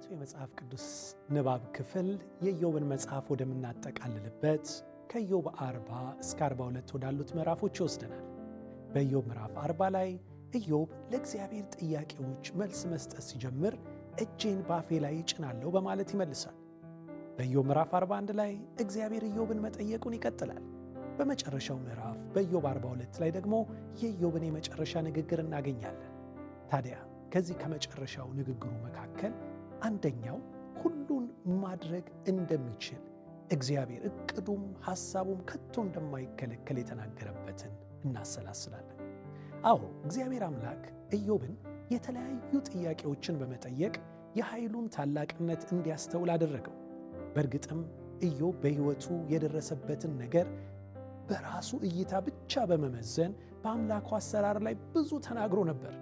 የዕለቱ የመጽሐፍ ቅዱስ ንባብ ክፍል የኢዮብን መጽሐፍ ወደምናጠቃልልበት ከኢዮብ 40 እስከ 42 ወዳሉት ምዕራፎች ይወስደናል። በኢዮብ ምዕራፍ 40 ላይ ኢዮብ ለእግዚአብሔር ጥያቄዎች መልስ መስጠት ሲጀምር እጄን ባፌ ላይ ጭናለሁ በማለት ይመልሳል። በኢዮብ ምዕራፍ 41 ላይ እግዚአብሔር ኢዮብን መጠየቁን ይቀጥላል። በመጨረሻው ምዕራፍ በኢዮብ 42 ላይ ደግሞ የኢዮብን የመጨረሻ ንግግር እናገኛለን። ታዲያ ከዚህ ከመጨረሻው ንግግሩ መካከል አንደኛው ሁሉን ማድረግ እንደሚችል እግዚአብሔር እቅዱም ሐሳቡም ከቶ እንደማይከለከል የተናገረበትን እናሰላስላለን። አዎ እግዚአብሔር አምላክ ኢዮብን የተለያዩ ጥያቄዎችን በመጠየቅ የኃይሉን ታላቅነት እንዲያስተውል አደረገው። በእርግጥም ኢዮብ በሕይወቱ የደረሰበትን ነገር በራሱ እይታ ብቻ በመመዘን በአምላኩ አሰራር ላይ ብዙ ተናግሮ ነበር።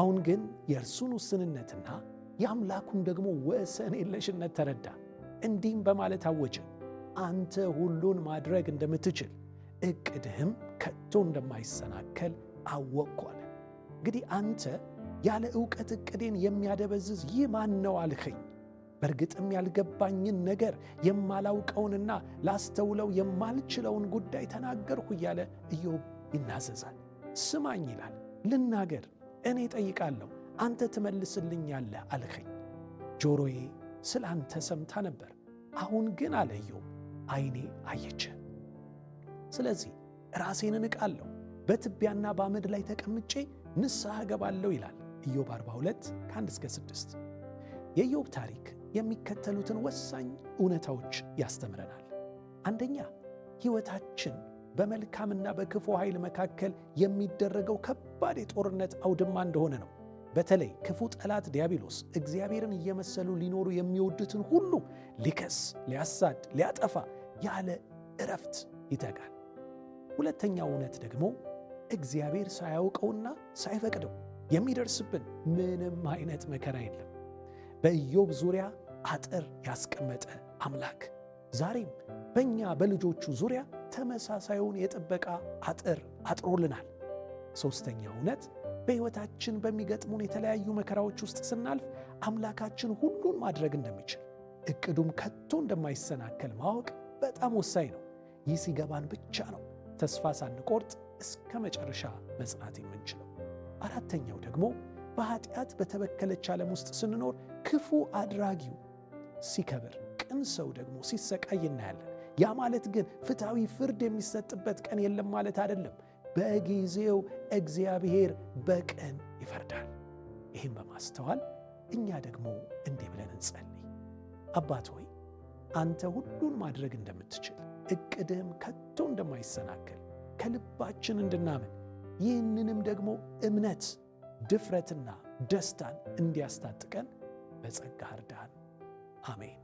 አሁን ግን የእርሱን ውስንነትና የአምላኩን ደግሞ ወሰን የለሽነት ተረዳ። እንዲህም በማለት አወጀ፣ አንተ ሁሉን ማድረግ እንደምትችል እቅድህም ከቶ እንደማይሰናከል አለ። እንግዲህ አንተ ያለ ዕውቀት እቅዴን የሚያደበዝዝ ይህ ማን ነው አልኸኝ። በእርግጥም ያልገባኝን ነገር የማላውቀውንና ላስተውለው የማልችለውን ጉዳይ ተናገርሁ እያለ ኢዮብ ይናዘዛል። ስማኝ ይላል፣ ልናገር፣ እኔ ጠይቃለሁ አንተ ትመልስልኛለህ አልኸኝ። ጆሮዬ ስለ አንተ ሰምታ ነበር፣ አሁን ግን አለ አይኔ አየች። ስለዚህ ራሴን እንቃለሁ፣ በትቢያና በአመድ ላይ ተቀምጬ ንስሐ እገባለሁ ይላል ኢዮብ 42 ከ1 እስከ 6። የኢዮብ ታሪክ የሚከተሉትን ወሳኝ እውነታዎች ያስተምረናል። አንደኛ ሕይወታችን በመልካምና በክፉ ኃይል መካከል የሚደረገው ከባድ የጦርነት አውድማ እንደሆነ ነው። በተለይ ክፉ ጠላት ዲያብሎስ እግዚአብሔርን እየመሰሉ ሊኖሩ የሚወዱትን ሁሉ ሊከስ፣ ሊያሳድ፣ ሊያጠፋ ያለ እረፍት ይተጋል። ሁለተኛው እውነት ደግሞ እግዚአብሔር ሳያውቀውና ሳይፈቅደው የሚደርስብን ምንም አይነት መከራ የለም። በኢዮብ ዙሪያ አጥር ያስቀመጠ አምላክ ዛሬም በእኛ በልጆቹ ዙሪያ ተመሳሳዩን የጥበቃ አጥር አጥሮልናል። ሦስተኛ እውነት በሕይወታችን በሚገጥሙን የተለያዩ መከራዎች ውስጥ ስናልፍ አምላካችን ሁሉን ማድረግ እንደሚችል እቅዱም ከቶ እንደማይሰናከል ማወቅ በጣም ወሳኝ ነው። ይህ ሲገባን ብቻ ነው ተስፋ ሳንቆርጥ እስከ መጨረሻ መጽናት የምንችለው። አራተኛው ደግሞ በኃጢአት በተበከለች ዓለም ውስጥ ስንኖር ክፉ አድራጊው ሲከብር፣ ቅን ሰው ደግሞ ሲሰቃይ እናያለን። ያ ማለት ግን ፍትሐዊ ፍርድ የሚሰጥበት ቀን የለም ማለት አይደለም። በጊዜው እግዚአብሔር በቀን ይፈርዳል። ይህም በማስተዋል እኛ ደግሞ እንዲህ ብለን እንጸልይ። አባት ሆይ አንተ ሁሉን ማድረግ እንደምትችል እቅድህም ከቶ እንደማይሰናከል ከልባችን እንድናምን ይህንንም ደግሞ እምነት ድፍረትና ደስታን እንዲያስታጥቀን በጸጋ እርዳን። አሜን።